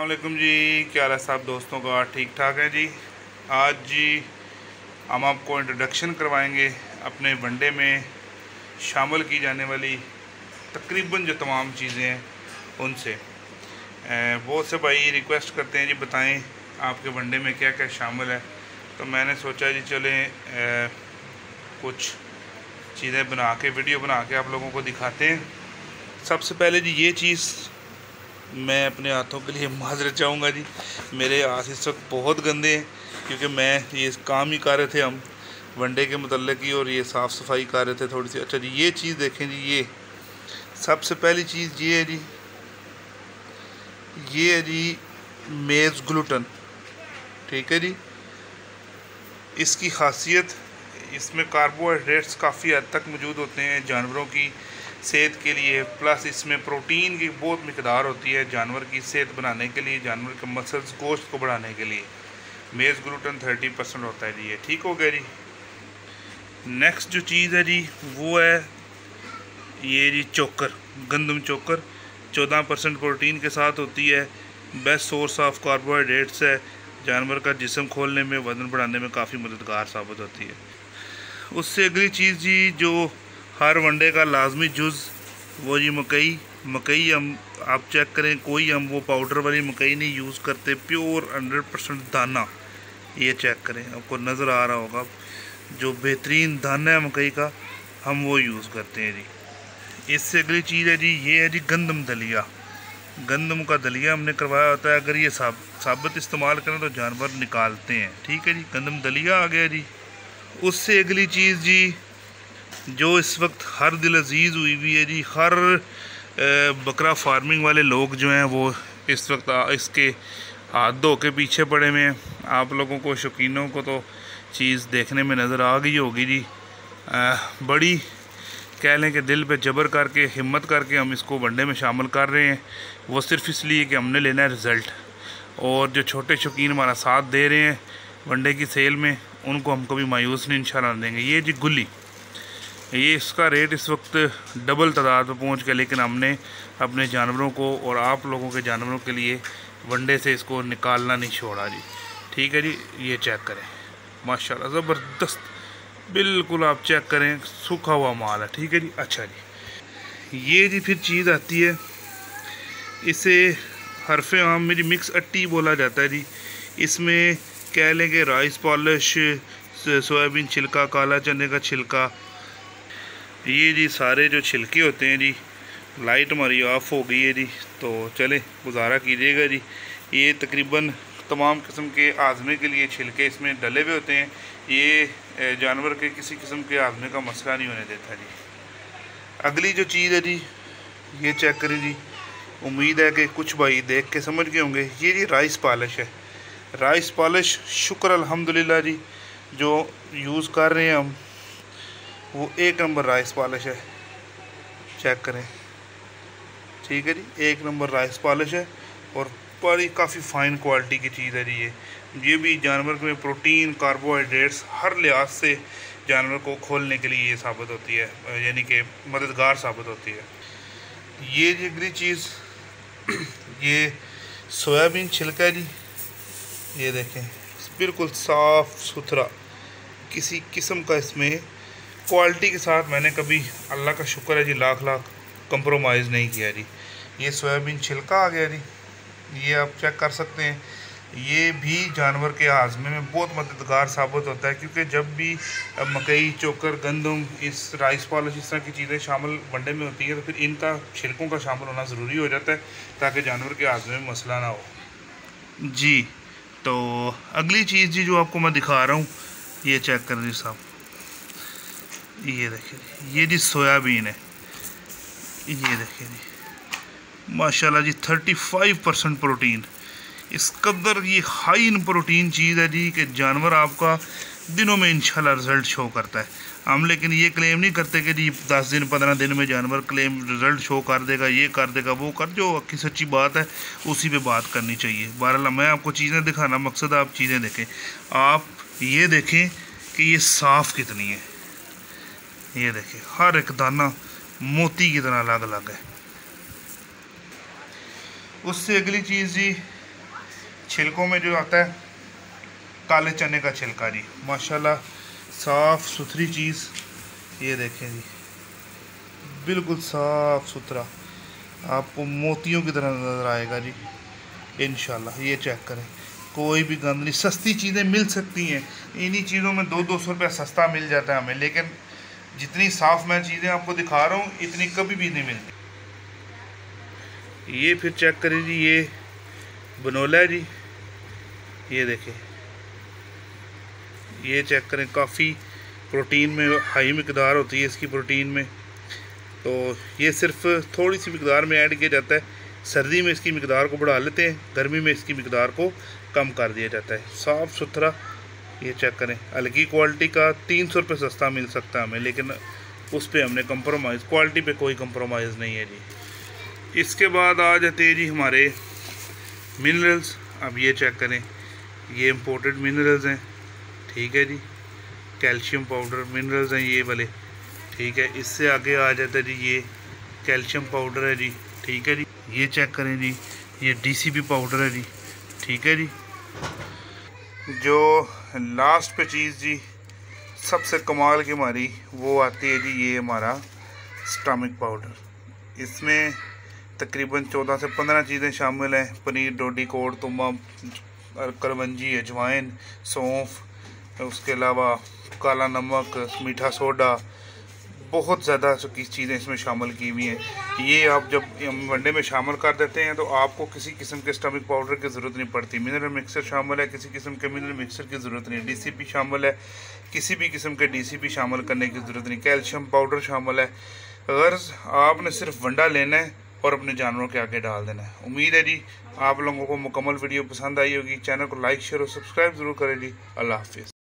अलकुम जी क्या हाल है साहब दोस्तों का ठीक ठाक है जी आज जी हम आपको इंट्रोडक्शन करवाएंगे अपने वनडे में शामिल की जाने वाली तकरीबन जो तमाम चीज़ें हैं उनसे बहुत से भाई रिक्वेस्ट करते हैं जी बताएं आपके वनडे में क्या क्या शामिल है तो मैंने सोचा जी चलें कुछ चीज़ें बना के वीडियो बना के आप लोगों को दिखाते हैं सबसे पहले जी ये चीज़ मैं अपने हाथों के लिए माजरत चाहूँगा जी मेरे हाथ इस वक्त बहुत गंदे हैं क्योंकि मैं ये काम ही कर रहे थे हम वनडे के मतलब ही और ये साफ़ सफाई कर रहे थे थोड़ी सी अच्छा जी ये चीज़ देखें जी ये सबसे पहली चीज़ ये है जी ये है जी मेज़ ग्लूटन ठीक है जी इसकी खासियत इसमें कार्बोहाइड्रेट्स काफ़ी हद तक मौजूद होते हैं जानवरों की सेहत के लिए प्लस इसमें प्रोटीन की बहुत मकदार होती है जानवर की सेहत बनाने के लिए जानवर के मसल्स गोश्त को बढ़ाने के लिए मेज़ ग्लूटन थर्टी परसेंट होता है जी ये ठीक हो गया जी नेक्स्ट जो चीज़ है जी वो है ये जी चोकर गंदम चोकर चौदह परसेंट प्रोटीन के साथ होती है बेस्ट सोर्स ऑफ कार्बोहाइड्रेट्स है जानवर का जिसम खोलने में वज़न बढ़ाने में काफ़ी मददगार साबित होती है उससे अगली चीज़ जी जो हर वनडे का लाजमी जुज़ वो जी मकई मकई हम आप चेक करें कोई हम वो पाउडर वाली मकई नहीं यूज़ करते प्योर हंड्रेड परसेंट दाना ये चेक करें आपको नज़र आ रहा होगा जो बेहतरीन दाना है मकई का हम वो यूज़ करते हैं जी इससे अगली चीज़ है जी ये है जी गंदम दलिया गंदम का दलिया हमने करवाया होता है अगर ये साब, साबित इस्तेमाल करें तो जानवर निकालते हैं ठीक है जी गंदम दलिया आ गया जी उससे अगली चीज़ जी जो इस वक्त हर दिल अजीज़ हुई हुई है जी हर बकरा फार्मिंग वाले लोग जो हैं वो इस वक्त इसके हाथ धो के पीछे पड़े हुए हैं आप लोगों को शौकीनों को तो चीज़ देखने में नज़र आ गई होगी जी आ, बड़ी कह लें कि दिल पे जबर करके हिम्मत करके हम इसको वनडे में शामिल कर रहे हैं वो सिर्फ इसलिए कि हमने लेना है रिज़ल्ट और जो छोटे शौकीन हमारा साथ दे रहे हैं वनडे की सेल में उनको हम कभी मायूस नहीं इन देंगे ये जी गुली ये इसका रेट इस वक्त डबल तादाद पर पहुँच गया लेकिन हमने अपने जानवरों को और आप लोगों के जानवरों के लिए वनडे से इसको निकालना नहीं छोड़ा जी ठीक है जी ये चेक करें माशाल्लाह ज़बरदस्त बिल्कुल आप चेक करें सूखा हुआ माल है ठीक है जी अच्छा जी ये जी फिर चीज़ आती है इसे हरफ आम में जी मिक्स अट्टी बोला जाता है जी इसमें कह लेंगे राइस पॉलिश सोयाबीन छिलका काला चने का छिलका ये जी सारे जो छिलके होते हैं जी लाइट हमारी ऑफ़ हो गई है जी तो चले गुजारा कीजिएगा जी ये तकरीबन तमाम किस्म के आज़मे के लिए छिलके इसमें डले हुए होते हैं ये जानवर के किसी किस्म के आज़मे का मसला नहीं होने देता जी अगली जो चीज़ है जी ये चेक करें जी उम्मीद है कि कुछ भाई देख के समझ गए होंगे ये जी राइस पॉलिश है राइस पॉलिश शुक्र अलहमदिल्ला जी जो यूज़ कर रहे हैं हम वो एक नंबर राइस पॉलिश है चेक करें ठीक है जी एक नंबर राइस पॉलिश है और बड़ी काफ़ी फ़ाइन क्वालिटी की चीज़ है जी ये ये भी जानवर में प्रोटीन कार्बोहाइड्रेट्स हर लिहाज से जानवर को खोलने के लिए ये साबित होती है यानी कि मददगार साबित होती है ये जिगरी चीज़ ये सोयाबीन छिलका है जी ये देखें बिल्कुल साफ़ सुथरा किसी किस्म का इसमें क्वालिटी के साथ मैंने कभी अल्लाह का शुक्र है जी लाख लाख कंप्रोमाइज़ नहीं किया जी ये सोयाबीन छिलका आ गया जी ये आप चेक कर सकते हैं ये भी जानवर के हाजमे में बहुत मददगार साबित होता है क्योंकि जब भी मकई चोकर गंदम इस राइस पॉलिश इस तरह की चीज़ें शामिल बंडे में होती हैं तो फिर इनका छिलकों का शामिल होना ज़रूरी हो जाता है ताकि जानवर के हाजमे में मसला ना हो जी तो अगली चीज़ जी जो आपको मैं दिखा रहा हूँ ये चेक कर जी साहब ये देखिए ये जी सोयाबीन है ये देखिए जी माशाल्लाह जी 35 परसेंट प्रोटीन इस कदर ये हाई इन प्रोटीन चीज़ है जी कि जानवर आपका दिनों में इंशाल्लाह रिज़ल्ट शो करता है हम लेकिन ये क्लेम नहीं करते कि जी दस दिन पंद्रह दिन में जानवर क्लेम रिज़ल्ट शो कर देगा ये कर देगा वो कर जो अक्की सच्ची बात है उसी पे बात करनी चाहिए बहरहाल मैं आपको चीज़ें दिखाना मकसद आप चीज़ें देखें आप ये देखें कि ये साफ़ कितनी है ये देखिए हर एक दाना मोती की तरह अलग अलग है उससे अगली चीज़ जी छिलकों में जो आता है काले चने का छिलका जी माशाल्लाह साफ़ सुथरी चीज़ ये देखें जी बिल्कुल साफ़ सुथरा आपको मोतियों की तरह नज़र आएगा जी इन ये चेक करें कोई भी गंद नहीं सस्ती चीज़ें मिल सकती हैं इन्हीं चीज़ों में दो दो सौ रुपया सस्ता मिल जाता है हमें लेकिन जितनी साफ़ मैं चीज़ें आपको दिखा रहा हूँ इतनी कभी भी नहीं मिलती ये फिर चेक करें जी ये बनोला है जी ये देखें ये चेक करें काफ़ी प्रोटीन में हाई मकदार होती है इसकी प्रोटीन में तो ये सिर्फ थोड़ी सी मकदार में ऐड किया जाता है सर्दी में इसकी मकदार को बढ़ा लेते हैं गर्मी में इसकी मकदार को कम कर दिया जाता है साफ़ सुथरा ये चेक करें हल्की क्वालिटी का तीन सौ रुपये सस्ता मिल सकता है हमें लेकिन उस पर हमने कंप्रोमाइज़ क्वालिटी पे कोई कंप्रोमाइज़ नहीं है जी इसके बाद आ जाते हैं जी हमारे मिनरल्स अब ये चेक करें ये इम्पोर्टेड मिनरल्स हैं ठीक है जी कैल्शियम पाउडर मिनरल्स हैं ये वाले ठीक है इससे आगे आ जाता है जी ये कैल्शियम पाउडर है जी ठीक है जी ये चेक करें जी ये डी पाउडर है जी ठीक है जी जो लास्ट पे चीज़ जी सबसे कमाल की हमारी वो आती है जी ये हमारा स्टामिक पाउडर इसमें तकरीबन चौदह से पंद्रह चीज़ें शामिल हैं पनीर डोडी कोड तुम्बा करवंजी अजवाइन सौंफ उसके अलावा काला नमक मीठा सोडा बहुत ज़्यादा चीज़ें इसमें शामिल की हुई हैं ये आप जब वनडे में शामिल कर देते हैं तो आपको किसी किस्म के स्टमिक पाउडर की ज़रूरत नहीं पड़ती मिनरल मिक्सर शामिल है किसी किस्म के मिनरल मिक्सर की ज़रूरत नहीं डीसीपी शामिल है किसी भी किस्म के डीसीपी शामिल करने की ज़रूरत नहीं कैल्शियम पाउडर शामिल है गर्ज आपने सिर्फ वंडा लेना है और अपने जानवरों के आगे डाल देना है उम्मीद है जी आप लोगों को मुकम्मल वीडियो पसंद आई होगी चैनल को लाइक शेयर और सब्सक्राइब ज़रूर करें जी अल्लाह हाफिज़